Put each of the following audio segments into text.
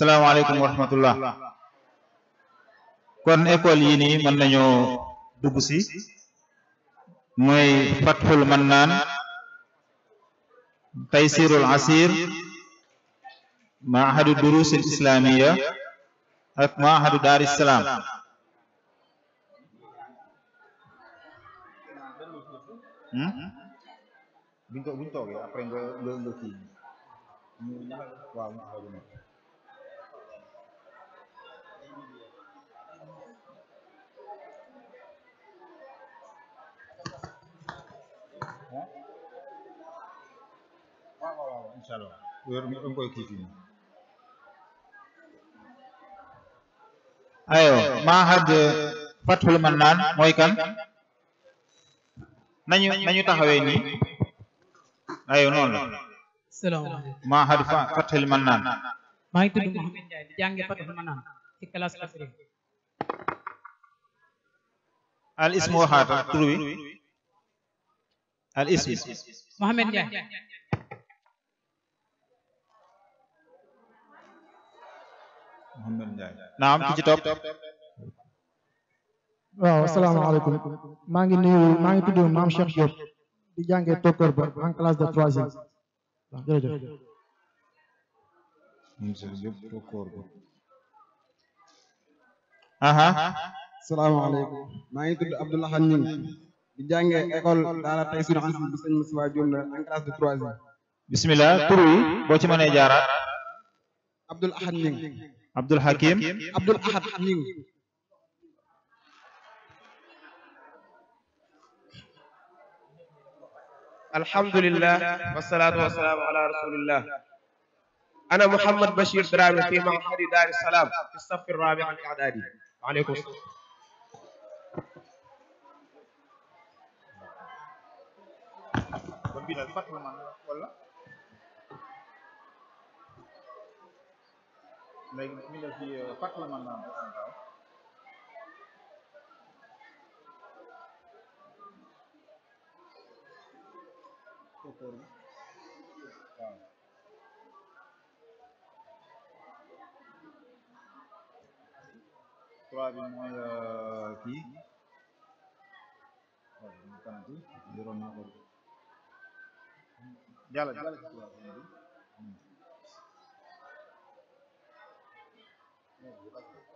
salaamaaleykum wa rahmatullah kon école yii nii mën nañoo dugg si mooy fathul mannaan taysirul asir mahadu duruus al ak mahadu daar isalaam waaw waaw incha allah wér nga koy kii fii ayo nañu nañu taxawee ayo noonu la maa ngi tudd Mouhamed Ndiaye al ismu waxaata tur al ismu Mouhamed Ndiaye Mouhamed Ndiaye naam ki ci topp waaw asalaamaaleykum maa ngi nuyu maa ngi tudd maam Cheikh di jàngee tokkoor ba en classe de maa ngi tudd Abdoulaye Xanin di jàngee école daara tey sur ansi bi bismillah tur boo ci mënee jaaraat Abdoulaye Xanin Abdul Hakim Abdul Ahad Niang alhamdulillah wasalaatu wasalaamu ala rasulillah ana Mouhamed Bachir Dramé fi ma'hadi Dar es Salaam fi safi rabi al i'dadi waaleykum salaam wala minor here Paklaman Kokori. Wow. Trois bi mooy euh, kii waaw kanati juróom naa ko jàll jàll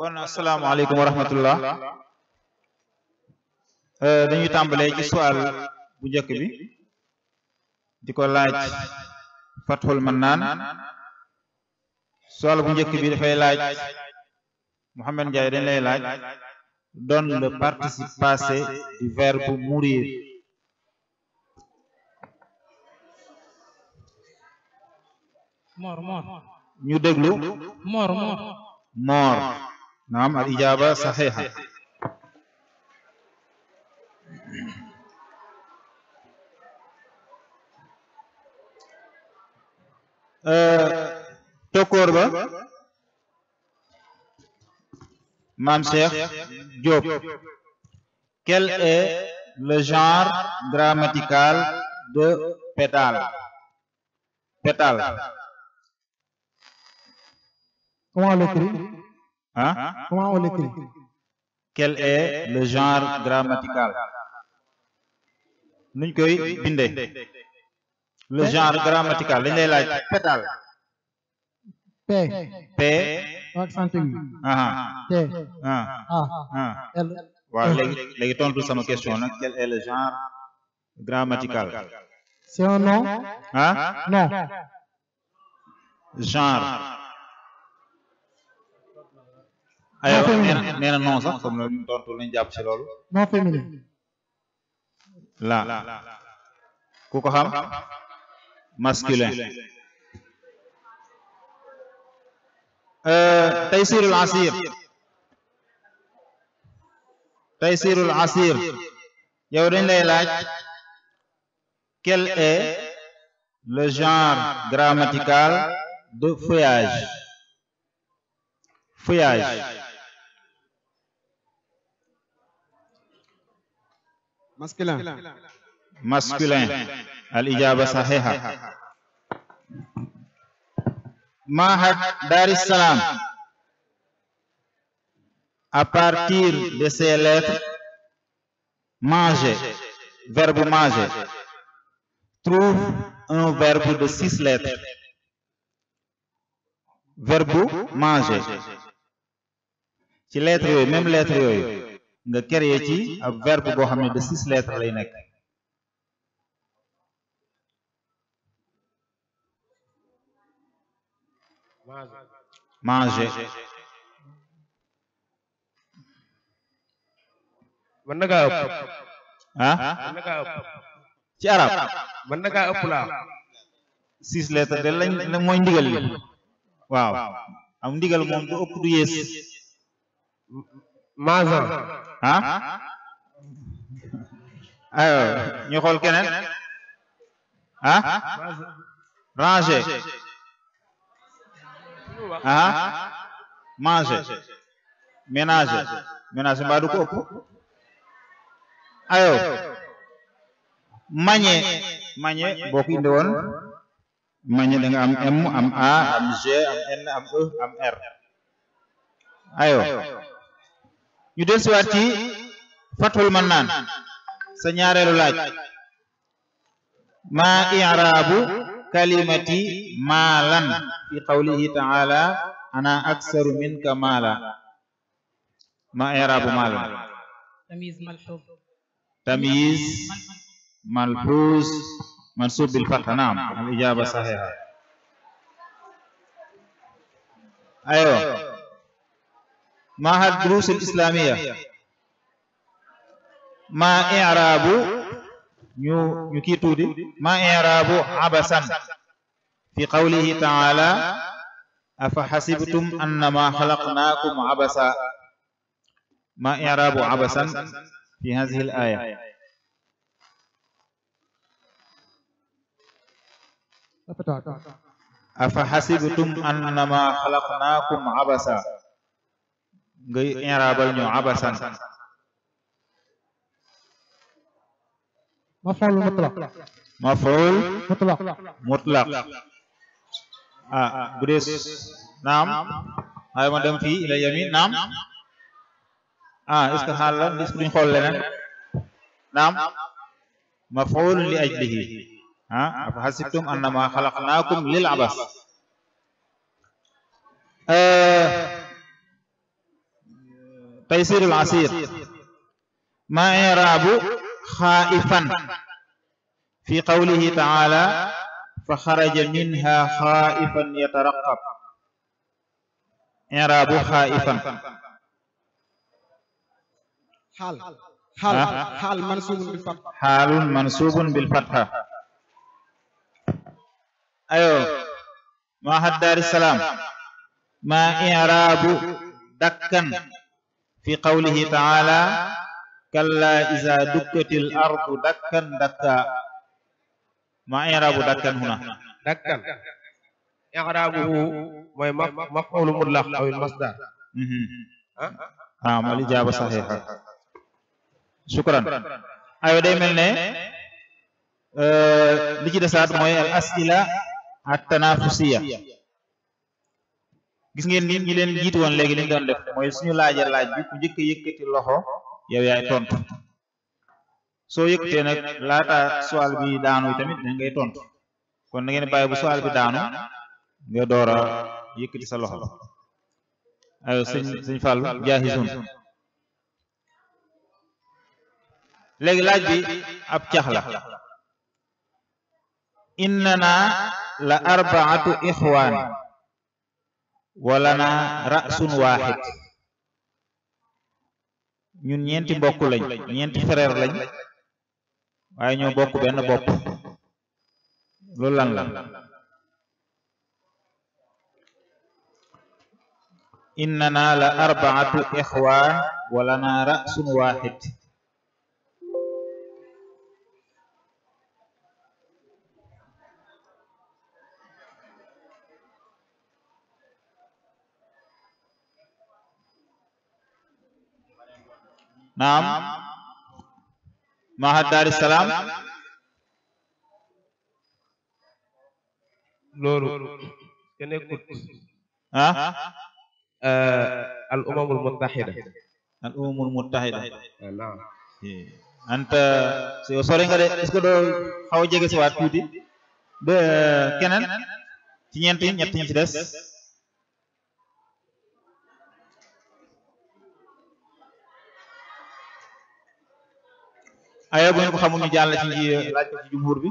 kon asalaamaaleykum wa rahmatullah eh, dañuy tàmbalee ci soal bu njëkk bi di ko laaj Fathul Mannaan soal bu njëkk bi dafay laaj Mouhamed Ndiaye dañ lay laaj donne le participe du verbe mourir mor mor ñu déglu mor mor mor naam al ijaaba saxiixa tokkoor ba maam Cheikh Diop quel est le genre grammatical de pétale pétale Hein? Comment on l'écrit Quel est le genre grammatical Nous Le genre grammatical, le pédale. P. P. Accent aigu. Ah, ah. T. Ah. Ah. L. Voilà, les tontu sama question nak quel est le genre grammatical C'est un nom Hein Non. Genre. aywa nee na non sax comme loolu ñu tontu nañ jàpp ci loolu. non féminin. la ku ko xam. masculin. taysirul asir. taysirul asir. yow dañ lay laaj. quel est le genre grammatical de feuillage. feuillage. masculin masculin al ijaba sahiha Mahad Dar es Salaam à partir de ces lettres manger verbe manger trouve un verbe de six lettres verbe manger ci lettres yooyu nga créé ci ab verbe boo xam ne de six lettres lay nekk manger mën na kaa ëpp ah? Ah? ci arab mën na kaa ëpp laa six lettres de lañ mooy ndigal li waaw am ndigal moom du ëpp du yées manger ah ayo ah? ah, euh, euh, ñu xool keneen ah ranger ah manger ménager ménager ko ëpp ayo mañe mañe boo ko indi woon am M am A am G am N am E am R ayo ñu del siwaat ci fathul mannaan sa ñaareelu laaj ma i'raabu kalimati maalan fi qawlihi ta'ala ana aksaru minka maala ma i'raabu maalan tamyiz malfuuz mansub bil fatha naam al ijaaba sahiha aywa معها الدروس الإسلامية ما إعراب نيو نيو كي تودي ما إعراب عبسا في قوله تعالى أفحسبتم أنما خلقناكم عبسا ما إعراب عبسا في هذه الآية أفحسبتم أنما خلقناكم عبسا ngay inraabal ñu abasan maf'ul mutlaq maf'ul mutlaq mutlaq ah, ah, ah bu dee naam waaye ma dem fii ila yamin naam ah est-ce que xaal la ah, est naam maf'ulun li ajlihi lil abas taysirul asir ma i'raabu xaaifan fi qawlihi taala fa xaraja minha xaaifan yataraqab i'raabu xaaifan xaal xaal mansuubun bil fatha xaalun mansuubun bil fatha ayo ma haddari salaam ma i'raabu dakkan fi qawlihi taala kalla iza dukkatil ardu dakkan dakka ma i'rabu dakkan huna dakkan i'rabuhu mooy maf'ul mutlaq aw al masdar mhm. ah mal ijaaba saxiixa shukran aywa day mel ne eh, li ci desaat mooy al as'ila at tanafusiya gis ngeen nii ñi leen jiitu woon léegi li doon def mooy suñu laaja laaj bi ku njëkk a yëkkati loxo yow yaay tontu soo yëkkatee nag laata soal bi daanu tamit da ngay tontu kon na ngeen bàyyi bu soal bi daanu nga door a sa loxo ayo sëñ sëñ Fall jaahisun léegi laaj bi ab cax la innana la arbaatu ixwaan walana rasun waaxid ñun ñeenti mbokk lañ ñeenti frère lañ waaye ñu bokk benn bopp loolu lan la innana la arbaatu ixwaan walana rasun waaxid naam mahad daari salaam loolu ke nekkut ah al umamul muttahida al umamul muttahida eh, anta si sori nga de est doo xaw a jege si waat tuuti ba keneen ci ñeenti ñett ci des aya bu ñu ko xamul ñu jàll ci euh, laaj ci jumhur bi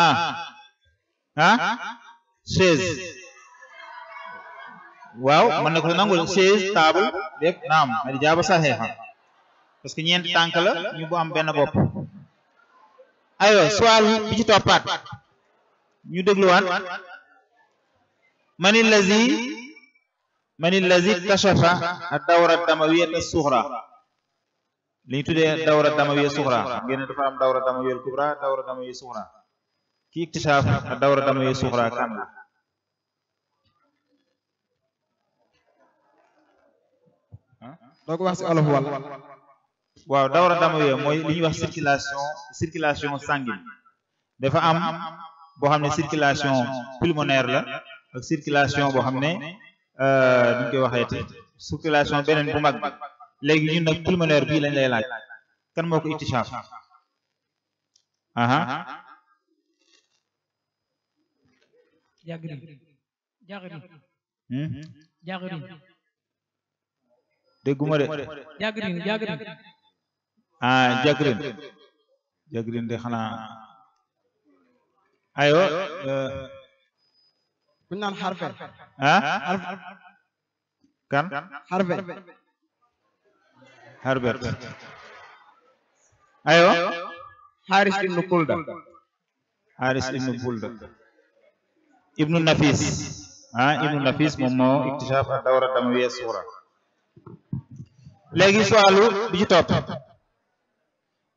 ah. ah ah seize waaw mën na ko nangul seize table lépp naam al ijaaba saxiixa parce que ñeenti tànk la ñu bu am benn bopp aywa soal bi ci toppaat ñu dégluwaat man allazi man allazi kashafa ad-dawra ad-damawiyya as-sughra li ñu tuddee dawra damawiya suxra xam ngeen ne dafa am dawra damawiya kubra dawra damawiya suxra kii iktisaaf la doo ko wax si olof walla waaw dawra damawiya mooy li ñuy wax circulation circulation sanguine dafa am boo xam ne circulation pulmonaire la ak circulation boo xam ne duñ euh, koy waxeeti circulation beneen bu mag léegi ñun nag pulmonaire bii lañ lay laaj kan moo aha jagri jagri jagri hmm? de jagrin jagrin ah jagrin jagrin de xanaa ayo euh, euh, buñ naan xarfe ah kan xarfe Herbert aywa Haris ibnu Kulda ibnu Nafis ibnu Nafis moom moo iktishaf ak dawra damawiyya sughra léegi suwaalu bi ci topp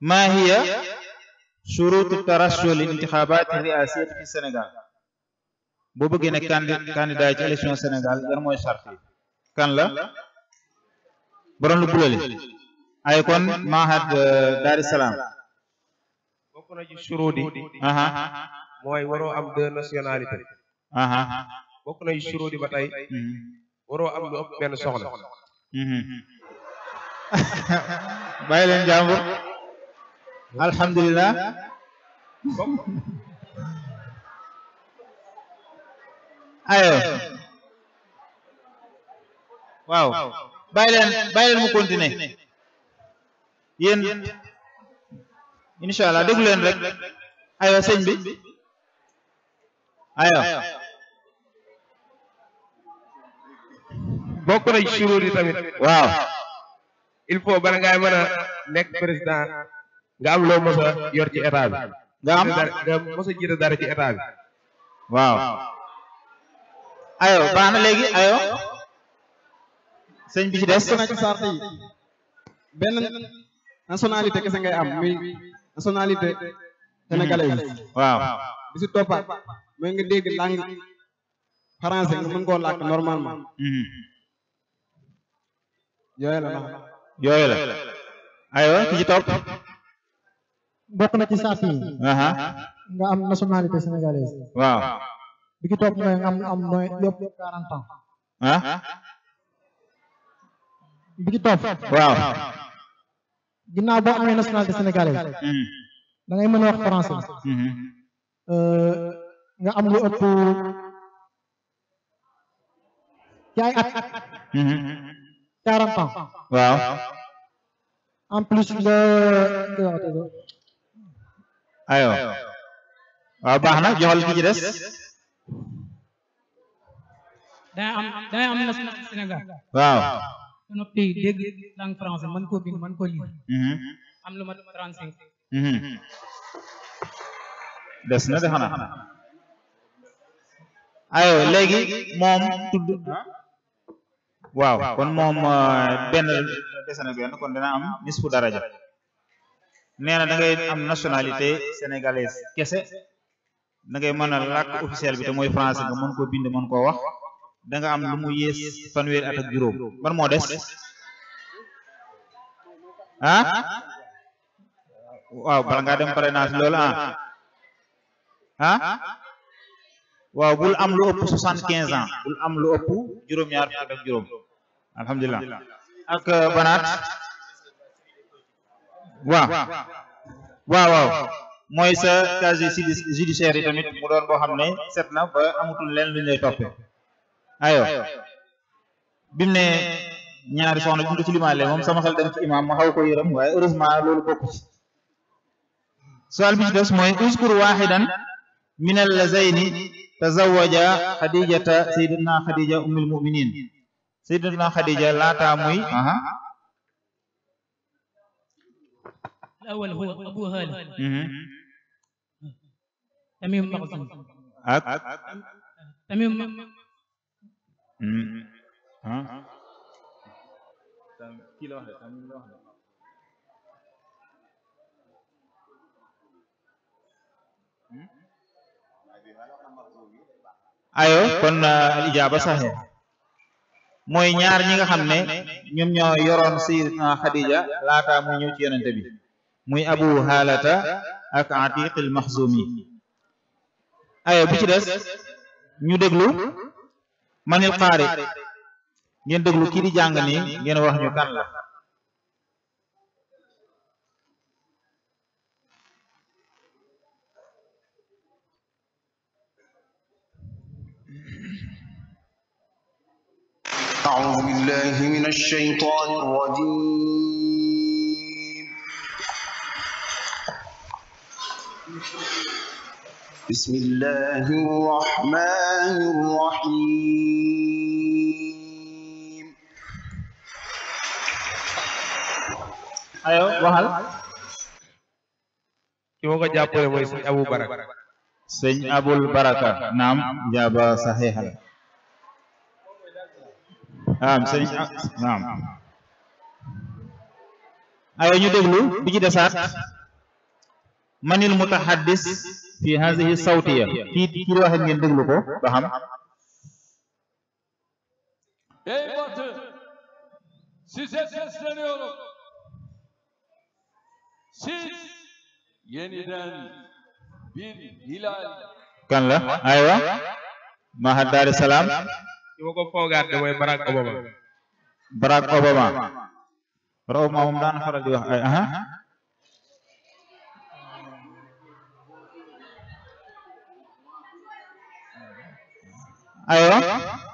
maa hiya shurutu tarassul intixaabaat riaasiyya fi Sénégal boo bëggee ne candidat yi ci élection Sénégal yan mooy charte kan la borom lu bulali ay mahad Dar es Salaam bokk na ci surudi am deux nationalité bokk na ci ba tey mhm. waroo am lu ëpp benn soxna mhm. bàyyi leen jàmbur alhamdulilah ayo waaw bàyyi leen bàyyi leen mu continuer yéen incha allah déglu leen rek aywa sëñ bi aywa bokk na ci suróor yi tamit waaw il faut bala ngay mën a nekk président nga am loo mos yor ci état nga am nga mos a dara ci état waaw ayo baax na léegi ayo sëñ bi ci des ku nationalité kese ngay am muy nationalité sénégalais yi waaw bi si toppaat mooy nga dégg langue français nga mën koo làkk normalement mhm. yooyu la la aywa ki topp bokk na ci sart yi nga am nationalité sénégalaise waaw bi topp mooy nga am am mooy lépp quarante ans ah bi ci topp. waaw. ginnaaw boo amee nationalité sénégalaise. Hmm. da ngay mën wax français. Hmm. nga am lu ëpp ci ay at. Hmm. na joxal waaw. ba noppi dégg langue français mën koo bind man ko lire. Mhm. am lu ma trente cinq. Mhm. des na de xanaa. ayo léegi moom tudd. waaw kon moom euh, benn des na benn kon dana am nisfu daraja. nee na da ngay am nationalité sénégalaise kese da ngay mën a làkk officiel bi te mooy français nga mën ko bind mën koo wax. da nga am lu mu yées fanweeri at ak juróom ban moo des ah waaw bala ngaa dem parrainage loolu ah ah waaw bul am lu ëpp soixante quinze ans bul am lu ëpp juróom-ñaar fukk ak juróom alhamdulilah ak euh, banaat waaw waaw waaw mooy sa casier judiciaire yi tamit mu doon boo xam ne set na ba amatul leen lu ñu lay aywa bi ñaari soxna bi mu ko ci sama xel dem ci imaam ma xaw ko yërëm waaye heureusement loolu bokku ci soal bi ci des mooy waxidan min allazayni tazawaja xadijata muy aha الأول هو أبو ah mm-hmm. kii ayo kon al uh, ijaaba saxiix mooy ñaar ñi nga xam ne ñoom ñoo yoroon sayyidatuna Xadija laata muy ñëw ci yonente bi abu haalata ak atiq al ayo bi des ñu déglu manil xaari ngeen déglu kii di jàng nii ngeen wax ñu kan la أعوذ بالله من الشيطان الرجيم بسم الله الرحمن الرحيم ayo waxal ki ma ko jàppale mooy sëñ abul baraka sëñ abul baraka naam jaaba saxiixal naam sëñ naam ayo ñu déglu bi ci desaat manil mutahaddis fi haadihi sawtiya kii kii waxe ngeen déglu ko ba xam eh, Size sesleniyorum. siz yeniden bir hilal kan la aywa maha daari salaam Barack Obama Barack Obama Barack Obama moom daan faral di wax ay aha aywa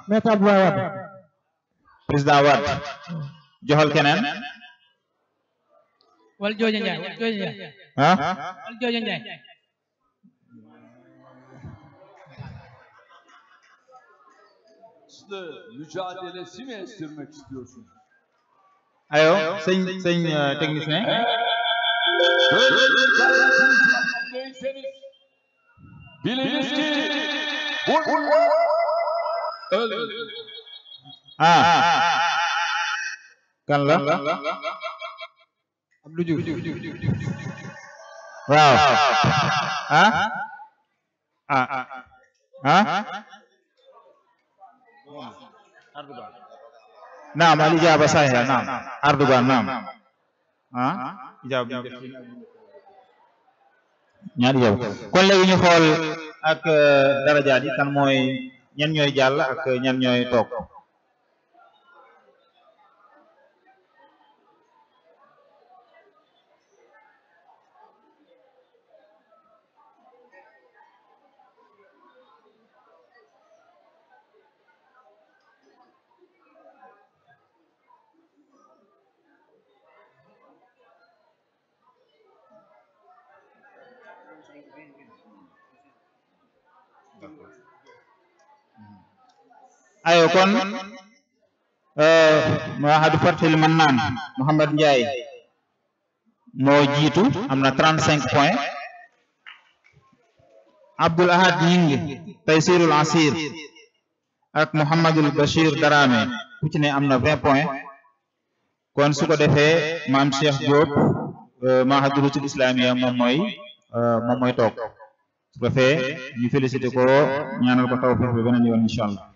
maître Abdoulaye Wade président Wade joxal keneen wal jooja njaay wal jooja njaay ah wal jooja njaay mücadelesi mi estirmek istiyorsun? Ayo, sayın sayın teknisyen. Böyle bir gayretin içerisindeyseniz biliniz ki vur vur vur öldü. Ha. Kan la. Abdou Diouf waaw ah ah ah, ah, ah. ah? naam al ijaaba sahiha naam Erdogan naam ah ijaaba ñaari ijaaba kon léegi ñu ak euh, darajaat yi kan mooy ñan ñooy jàll ak ñan ñooy toog aywa kon euh, Mahadu Fathil Mannan Mouhamed Ndiaye moo jiitu am na 35 points Abdoul Ahad Ñing Taysirul Asir ak Mouhamadul Bachir Darame ku ci ne am na 20 kon su ko defee maam Cheikh Diop euh, mahaduratul islamiya moom mooy euh, moom mooy toog su ko defee ñu ko ñaanal ko tawfiq bi beneen yoon incha allah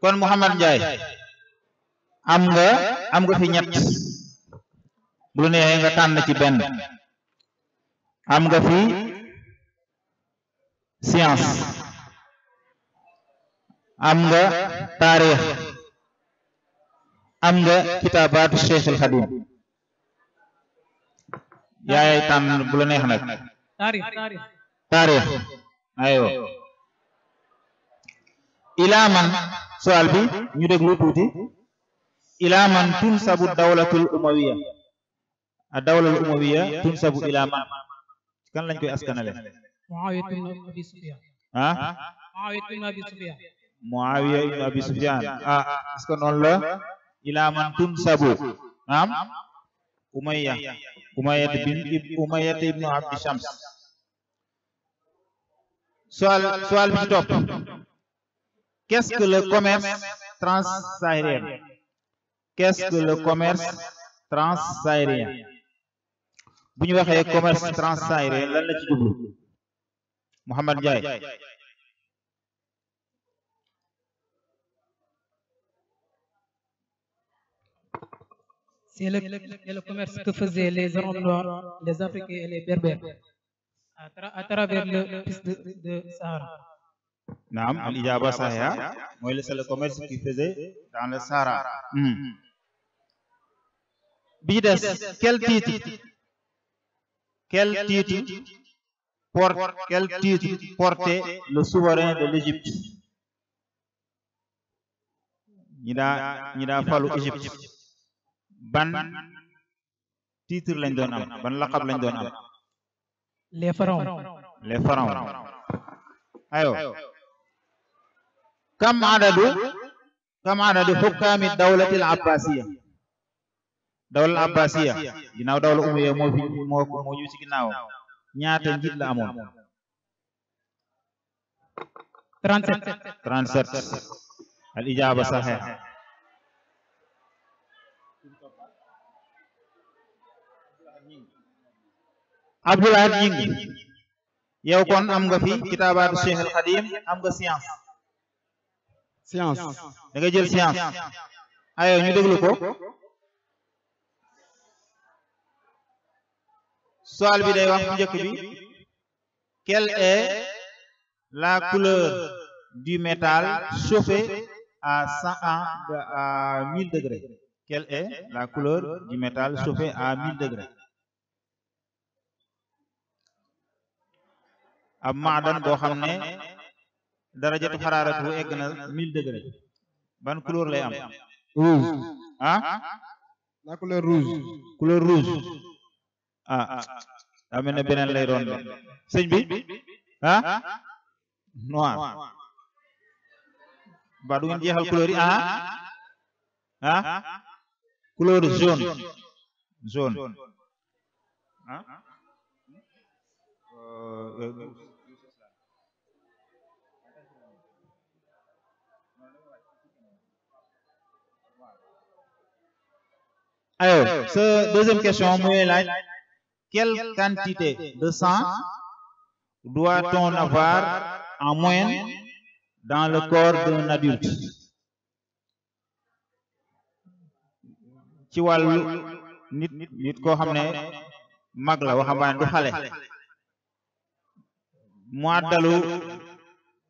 kon Mouhamad Ndiaye am nga am nga fi ñett bu neexee nga tànn ci benn am nga fi science am nga taarix am nga kitaabaatu Cheikh al Xadim yaay bu la neex nag taarix taarix aywa soal bi ñu déglu tuuti ila man tunsabu dawlatul umawiya a dawlatul umawiya tunsabu ila man kan lañ koy askanale Muawiya ibn Abi Sufyan ah Muawiya ibn Abi ah, man tunsabu naam Umayya Umayya bin Umayya ibn Abdi Shams soal soal bi ci Qu'est-ce que le commerce transsaharien Qu'est-ce commerce transsaharien bu ñu waxee commerce transsaharien lan la ci jublu Mouhamad c'est le, commerce que faisaient les Arabes et les Berbères à, travers le piste de, de naam al ijaba sahiha mooy le hmm. Hmm. bi des quel titre quel titre porte le souverain de l'Égypte ñi daa falu Égypte ban titre lañ doon ban laqab lañ doon am les pharaons les ayo kam adadu kam adadu xukkaami dawlatil abbasiya dawla abbasiya ginnaaw dawla umayya moo fi moo moo ñu si al ijaaba saxiix abdoulahat ñing yow kon am fi kitaabaatu cheikh al xadim am science da ngay science ayo ah, ñu déglu ko soal bi day wax bu bi quelle est la couleur du métal chauffé à cent à mille degrés quelle est la couleur du métal chauffé à mille degrés ab maadan boo darajatu xaraaratu egg na mille degré ban couleur lay am rouge ah? ah la couleur rouge couleur rouge ah, ah. daa mel ne beneen lay doon de bi ah, ah? noir ba du ngeen couleur yi ah ah couleur jaune jaune euh, euh, aywa sa deuxième question muy laaj quelle quantité de sang doit-on avoir en moyenne dans le corps d'un adulte ci wàllu nit nit koo xam ne mag la waxambaane du xale mu àddalu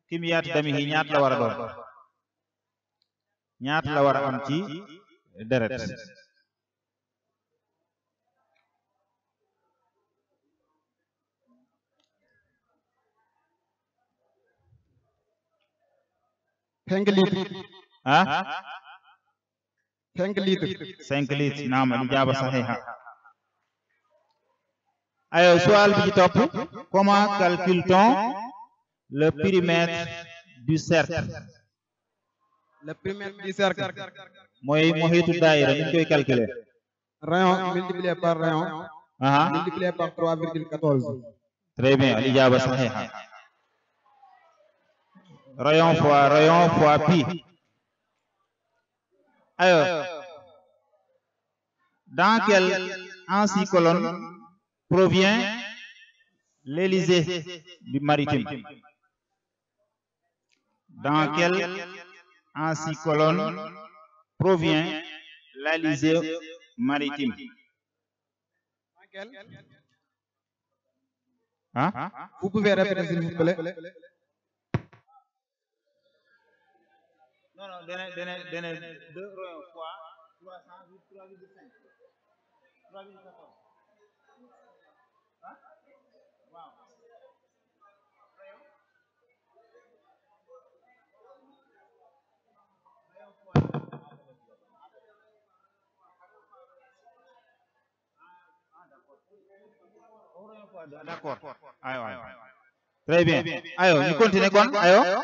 kimiyaat damihi ñaata la war a doon ñaata la war a am ci deret 5 litres ah naam al-ijaaba sahiha ayo soal bi ci comment calcule le périmètre du cercle le périmètre du cercle mooy koy calculer rayon multiplié par rayon multiplié par rayon fois rayon fois pi. Alors, dans quelle ainsi provient l'Élysée du maritime? Dans quelle ainsi provient l'Élysée maritime? Hein? non non dana dana dana deux royaume fois trois cent huit kon aywa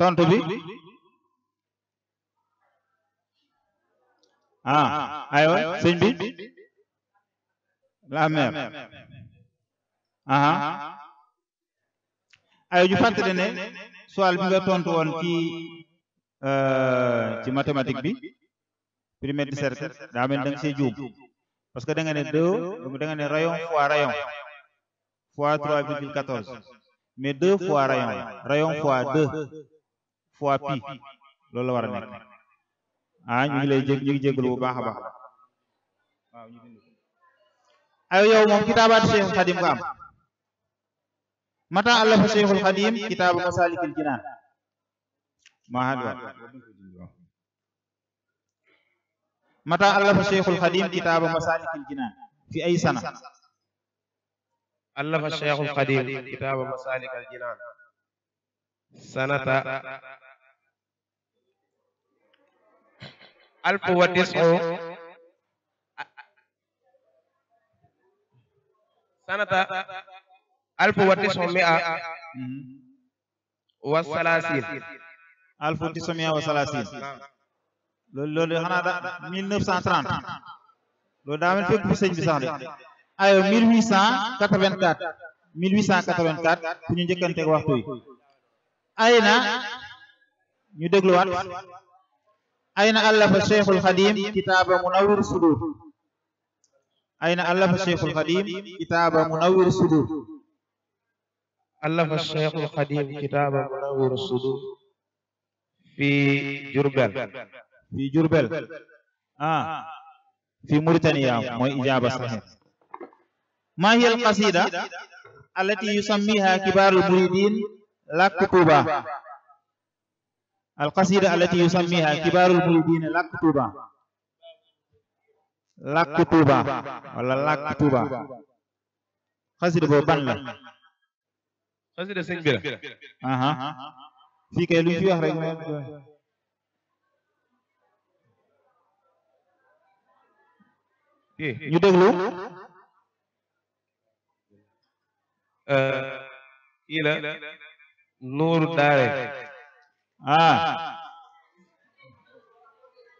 tontu bi ah, ah aywa sëñ bi la mère aha ah. aywa ñu fàttali ne soal bi nga tontu woon ci euh, ci mathématique bi périmètre de cercle daa mel da parce que da nga ne deux da nga ne rayon fois rayon fois trois virgule quatorze mais deux fois rayon rayon fois fois pi loolu a nekk ah ñu ngi ah, lay jég ñu ngi jégalu bu baax a baax ay yow moom kitaabaat Cheikhul Xadim nga am mata allafa Cheikhul Xadim mata allafa Cheikhul Xadim kitaabu Masaalikul Jinaan fi ay sanata ألف وتسع سنة a وتسعمائة وثلاثين ألف وتسعمائة وثلاثين loolu loolu xanaa da 1930 loolu daa mel fépp fi sëñ bi sax de aywa 1884 1884 ku ñu njëkkante waxtu yi ay na ñu dégluwaat أين ألف الشيخ القديم كتاب منور الصدور أين ألف الشيخ القديم كتاب منور الصدور ألف الشيخ القديم كتاب منور الصدور في جربل في جربل آه في موريتانيا ما إجابة صحيح ما هي القصيدة التي يسميها كبار المريدين لك توبة alqasida allati yusammiha kibaarul muridina làkk tuuba làkk tuuba wala làkk tuuba xasida boobu la xasida sëñ bi la fii kay lu ñu fi wax rek ñu ah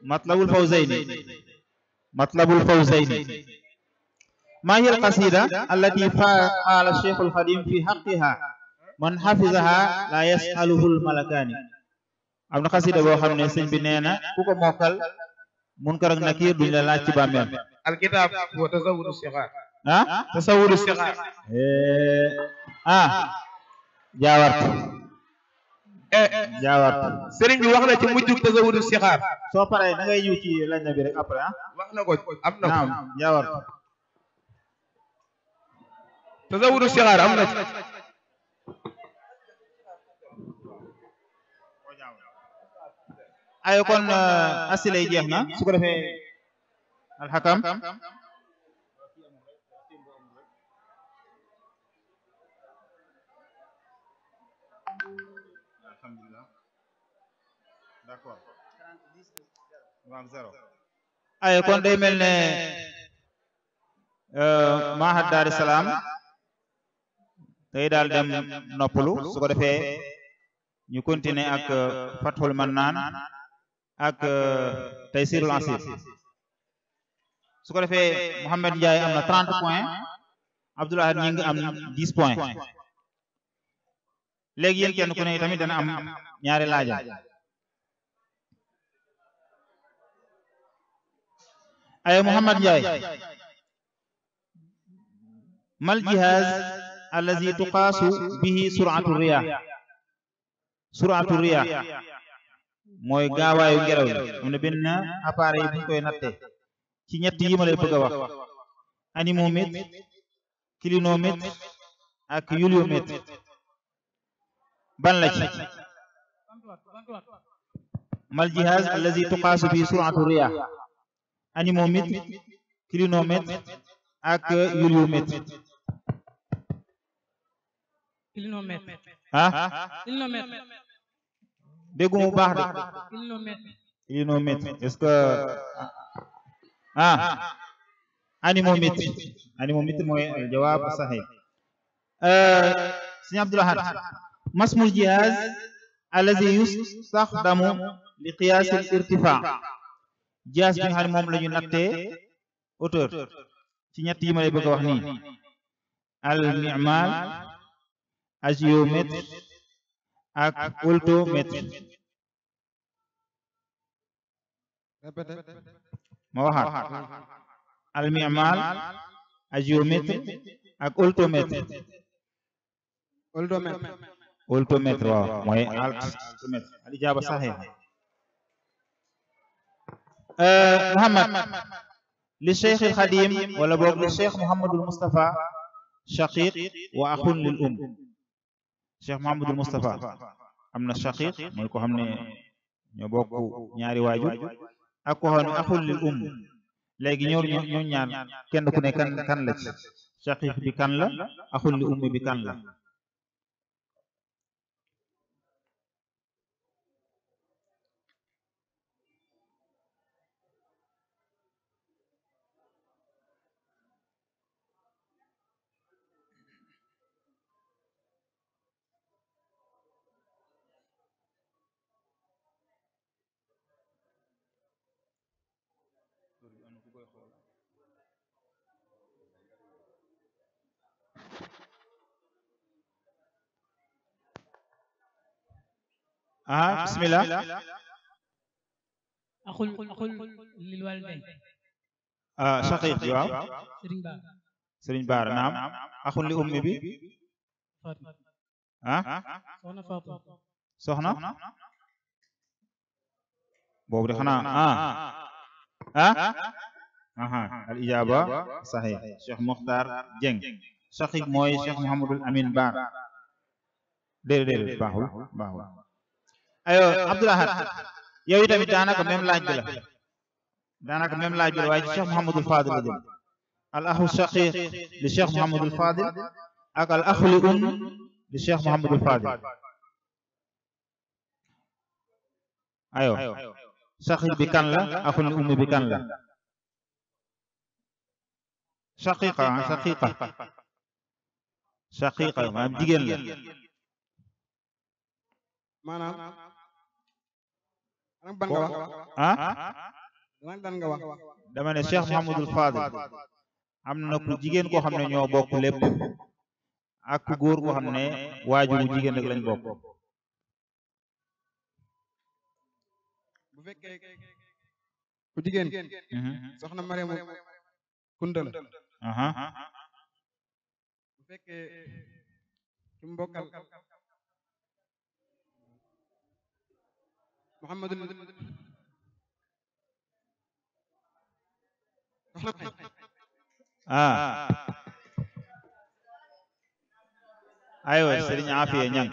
matlabul fawzayni matlabul fawzayni ما هي القصيدة التي فعل الشيخ الخديم في حقها man hafizaha la yasaluhul malakaani am na xasida boo xam ne sëñ bi nee na ku ko mokkal munkar ak nakiir duñ la laaj ci bàmmeel alkitaab wa tasawuru sixaar ah tasawuru sixaar eh. ah jaawart jaawaat sëriñ bi wax na ci mujjug tasawudu sixaar soo paree da ngay ñëw ci lañ na bi rek après ah wax na ko am na ko jaawaat sixaar am na ci ayo kon euh, jeex na su ko defee alxakam ay kon day mel ne euh, mahad daari salaam day daal dem noppalu su ko defee ñu continuer ak euh, fathul mannaan ak euh, taysirul asir su ko defee Mouhamed Ndiaye am na 30 points Abdoul Ahad am 10 points léegi yéen kenn tamit dana am ñaari laaja اي محمد جاي ما الجهاز الذي تقاس به سرعه الرياح سرعه الرياح mooy gaawaayu ngelaw li am na appareil bu ñu ci ñett yi ma lay bëgg a wax anémomètre ak héliomètre ban la mal jihaz allazi tuqaasu bi suratu riyah anémomètre clinomètre ak héliomètre clinomètre ah, ah? clinomètre déggu mu baax que ah anémomètre ah. anémomètre mooy aljawaab saxiix euh, sëñ Abdul Ahad masmul jihaaz allazi yustaxdamu li al irtifaa jaas bi nga xam ne moom la ci ñett yi ma lay bëgg ak voltomètre ma waxaat al mimal ak voltomètre voltomètre waaw mooy altomètre al ijaaba Euh, Muhammad li Cheikh al Xadim wala boog li Cheikh Mouhamadul Moustapha shaqiq wa axun lil um Cheikh Mouhamadul Moustapha am na shaqiq mooy ko xam ne ñoo bokk ñaari waajur ak ko xam ne axun lil um léegi ñoor ñoo ñaan kenn ku ne kan kan shaqiq bi kan la axun li um bi kan la ku ah, ah, bismillah. axul axul lil walidayn. Ah, ah shaqiq bi waaw. Serigne Baara. Serigne Baara naam. li ummi bi. ah. soxna Fatou. soxna. boobu de xanaa ah. ah. aha al ijaba sahih Cheikh Mokhtar Dieng saxiix mooy Cheikh Mouhamadul Amin Baar déedéet déedéet baaxul ayo Abdoul Ahad yow itamit laaj bi la daanaka laaj bi la waaye ci Cheikh Mouhamadul al axu shaqiq li Cheikh Mouhamadul Fadil ak al axu li um li Cheikh Mouhamadul Fadil ayo shaqiq bi kan la li um bi kan shaqiqa ah shaqiqa shaqiqa maanaam la maanaam anam ban nga wax ah lan ah? dan nga wax dama ne Cheikh Fadil am na ku jigéen koo xam ne ñoo bokk lépp ak ku góor koo xam ne waajuru jigéen rek lañ bokk bu fekkee ku jigéen mhm. soxna Mariama bu fekkee ci mbokkal Muhammadul ah aywa Serigne Afia Niang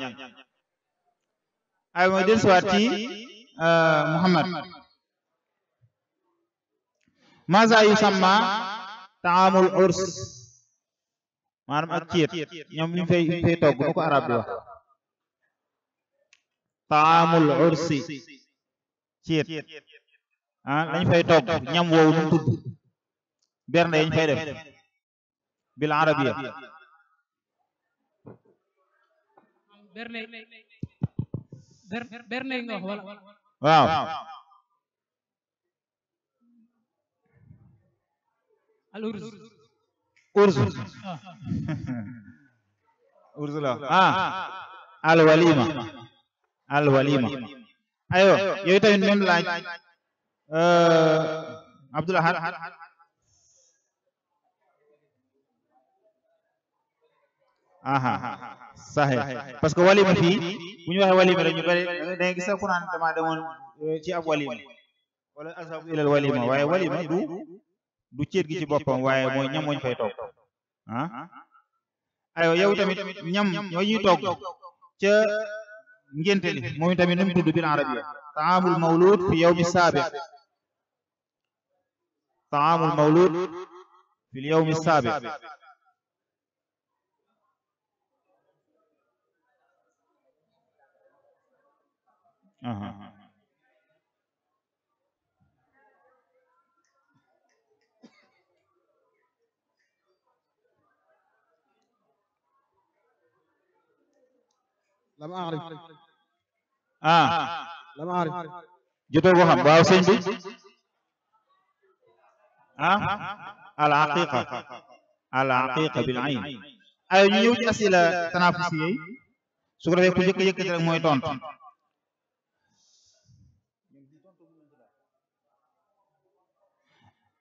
aywa ma dellusiwaat taamul urs maanaam ak ciet ñoom ñu fay ñu nu ko arab bi wax taamul ursi ciet ah fay togg ñam woowu nu tudd bernde yañ fay def bil arabiya bernde الأرز أرز أرز آه الوليمة الوليمة أيوه يويتا ينم لاج عبد الأحد aha saxe parce que walima fii bu walima rek ñu bëri da ngay gis sax ci ab walima wala ashabu walima waaye walima du du céet gi ci boppam waaye mooy ñam wañ fay togg ah ayo ah, ah, tamit ñam wa ñuy togg ca ngénte li moom tamit nu mu tudd bil arabia taamul mawlud fi yawmi saabiq taamul mawlud fi yawmi saabiq aha lam aarif ah. ah lam aarif jotoo ko xam waaw sëñ ah. ah al aqiqa al aqiqa bil ayn ay ñu ñëw asila tanafus yi su ko defee ku jëkk rek mooy tontu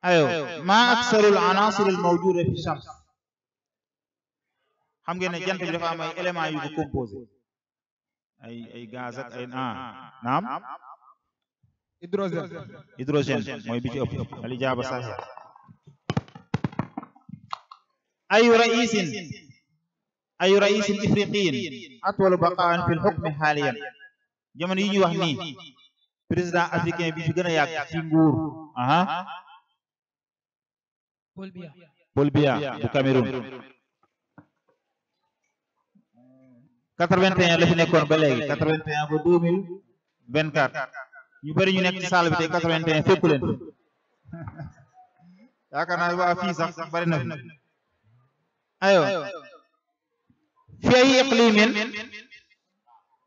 ayo ma aksarul anasir al mawjuda fi shams xam yu ko composé ay ay gaz ak ay ah naam. hydrogène hydrogène mooy bi ci ëpp alijaaba saxiix ayu raisin ayu raisin ifriqiyin atwalu baqaan fi lxukmi xaaliyan jamono yi ñuy wax nii président africain bi fi gën a yàgg ci nguur aha Paul Biya bu Cameroun 81 la fi nekkoon ba léegi 81 ba 2024 ñu bëri ñu nekk ci salle bi tey 81 fekku leen yaakaar naa waa fii sax bëri na fi ayo fi ay iqlimin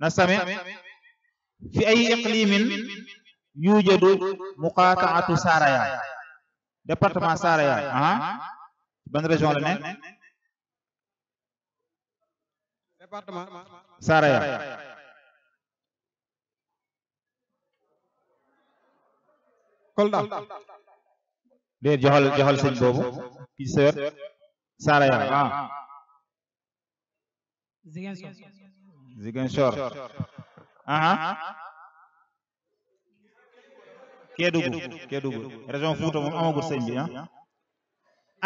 nasami fi ay iqlimin yujadu muqataatu Saraya département Saraya ah ban région la nekk département Saraya Kolda déet joxal joxal sëñ boobu ki ci Saraya ah. Ziguinchor Ziguinchor aha région Fouta moom amagul sëñ bi ah.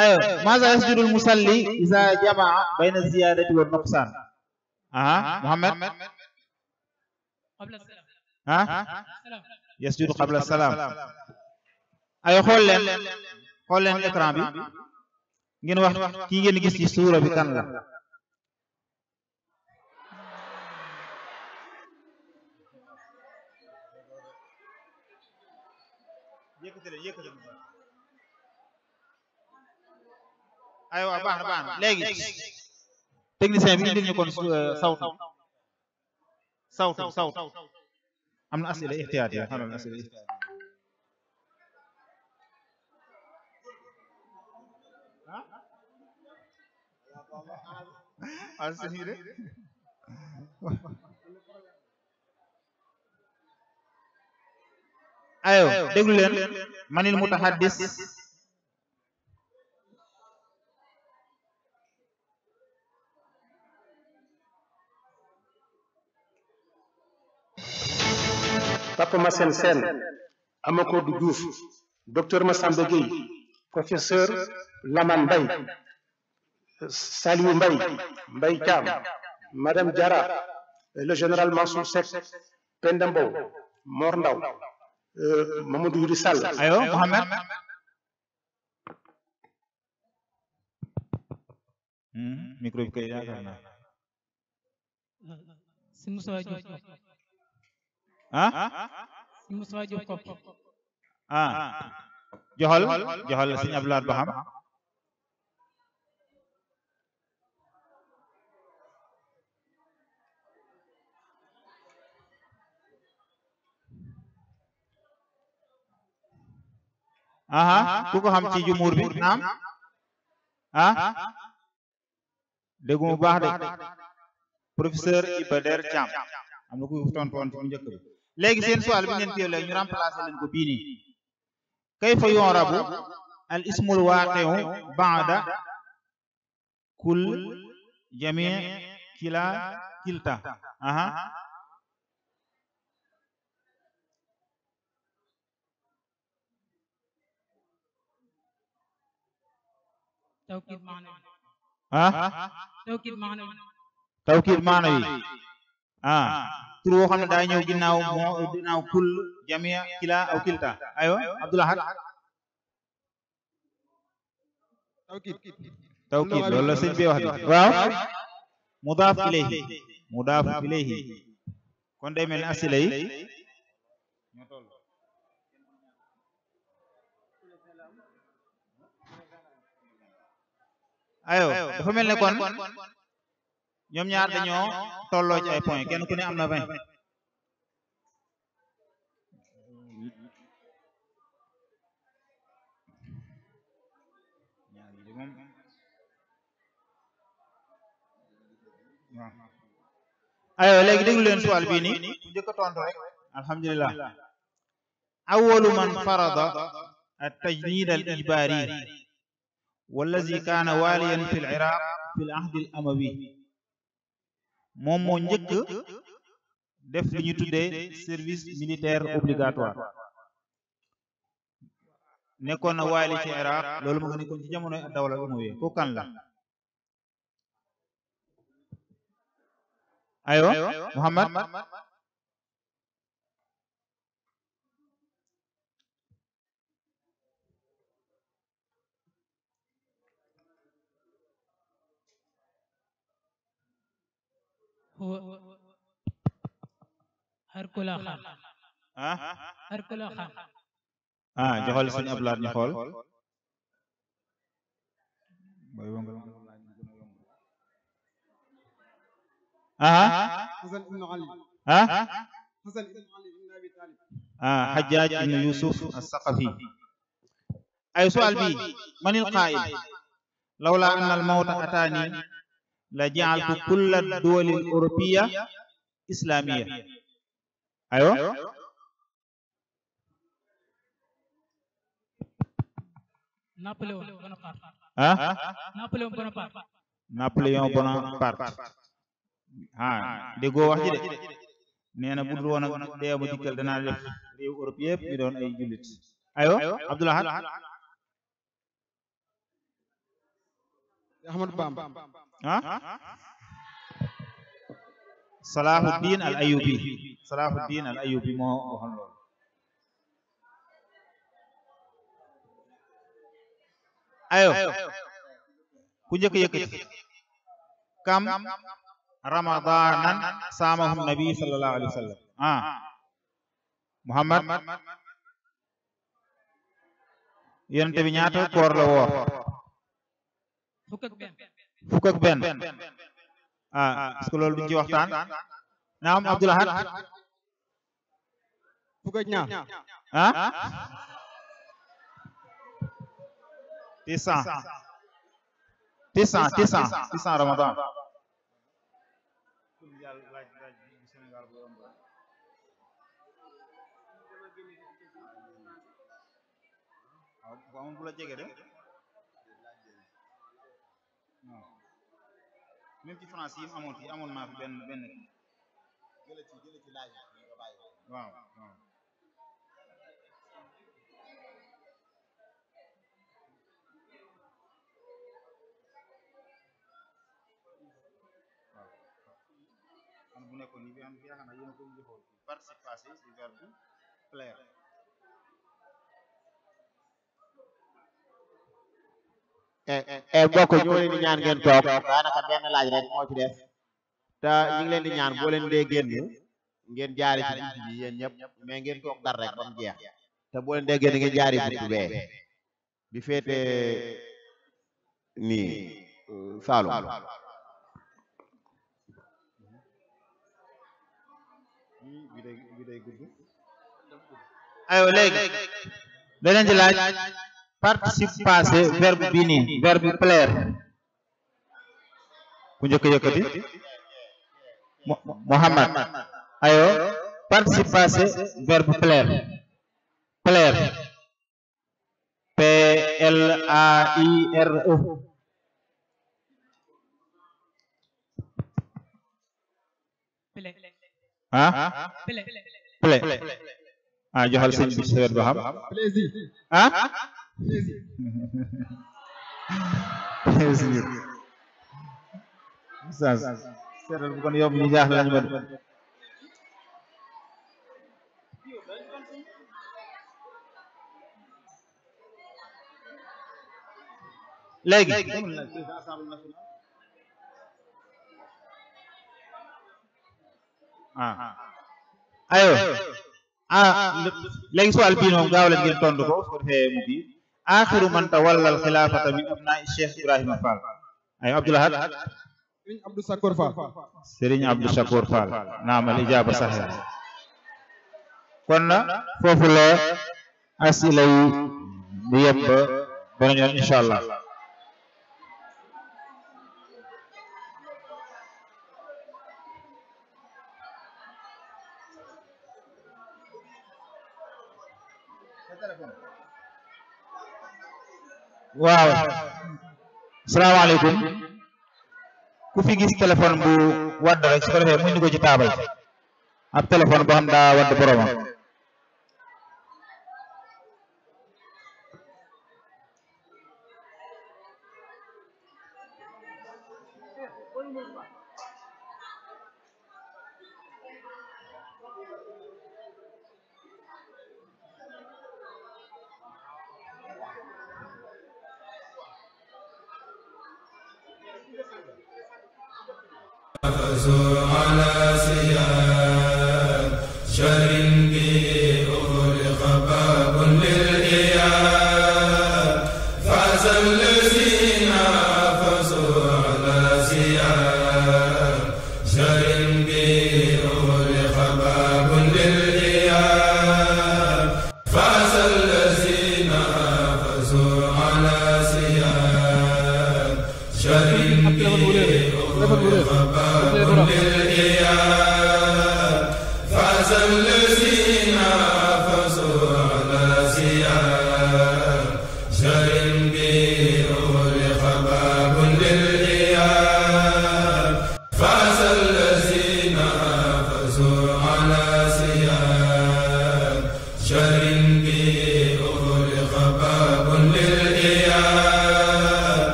ayo maasa yasjudul musalli isa bayna ziyadati wa nuqsaan ها محمد قبل السلام ها يسجد قبل السلام xool leen xool leen écran bi ngeen wax ki ngeen gis suura bi kan la technicien bi ñu déglu kon sawtu sawtu sawtu am na asila ixtiyaat yi xaaral asila ixtiyaat asire ayo déglu leen manil mutahaddis Thomasen Sène Amakodou Diouf docteur Massamba Gueye professeur Lamane Mbaye Saliou Mbaye Mbaye Thiam madame Diarra le général Mansour Seck Penda Mbow Mor Ndaw euh, Mamadou Yudi Sall Ah? ah si Moussa Diop Kopp ah. ah joxal joxal sëñ Abdoulaye ba xam aha ah. ku ko xam naam ah déggu mu baax de professeur Iba Thiam am na ku tontu woon léegi seen suwaal bi ngeen teewlee ñu remplacé leen ko bii nii kayfa al ismul waaqiu baada kul jami kila kilta aha tawkid maanawi ah ah tur xam ne daa ñëw ginnaaw moo ginnaaw kul kila aw kilta aywa Abdul Ahad tawkid tawkid loolu la sëñ wax di waaw mudaaf ilayhi mudaaf ilayhi kon day mel ni asila yi kon ñoom ñaar dañoo tolloo ci ay point kenn ku ne am na vingt aywa léegi déglu leen suwaal bii nii rek alhamdulilah awalu man farada at tajnid al ijbaari wallazi kaana waaliyan fi l iraq fi l ahdi al moom moo njëkk def li ñu tuddee service militaire obligatoire nekkoon na waayli ci Iraq loolu mu nga nekkoon ci jamonoy dawla umawiyya ko kan la aywa Muhammad huwa xar ku la xam ah xar ku la xam ah ah ah ah Hajjaaj ibn Yuusuf as-Saqafi ay su'aal bi man al-qaa'il lawlaa anna al-mawta ataanii la jaaltu kulla duwali européya islamiya aywa Napoléon Bonaparte ah Napoléon Bonaparte Napoléon Bonaparte ah déggoo wax ji de Ahmad Ahmad ah Salahuddin al Ayyubi Salahuddin al Ayyubi moo waxoon ayo ku njëkk yëkkati kam ramadanan saamahum nabi sallallahu alayhi wa sallam ah. Muhammad yonent bi ñaata koor la woor fukk ak benn ah parce ah, ah, que loolu duñ ci waxtaan naam Abdul Ahad fukk ak ñaar ah, ah? tisan ramadan même ci France yi amoon fi amoon naa fi benn benn kii. jëlee ci jëlee ci laaj yi nga bàyyi waaw waaw. waaw man bu nekkoon nii bi am bi yaakaar naa yéen a ko jëfoo participe passé du verbe plaire. Eh, eh, mbokk ñoo leen di ñaan ngeen toog daanaka benn laaj rek moo def te ñu leen di ñaan boo leen dee génn ngeen jaari ci bunt ñëpp mais ngeen toog dar rek ba mu jeex te boo leen dee génn ngeen jaari bunt bee bi féete nii Saalum léegi beneen ci laaj participe passé verbe bi nii verbe plaire ku njëkk Muhammad ayo participe passé verbe plaire plaire e. ah, ah? plaire ah joxal sëñ bi verbe ba ah, ah? music. music. oustaz seetal bu kon yow ah. ah, moom gaaw leen ngeen tontu ko su mu kii aaxiru man tawallal xilaafata min abnaa'i Cheikh Ibrahima Fall ay Abdou Lahad Serigne Abdou Sakoor Fall Serigne Abdou Sakoor Fall naam al ijaaba saxiix kon foofu la asila yi di yem ba beneen yoon incha allah waaw salaamaaleykum ku fi gis téléphone bu wadd rek su ko defee mu ci taabal ab téléphone boo xam daa wadd boromam ala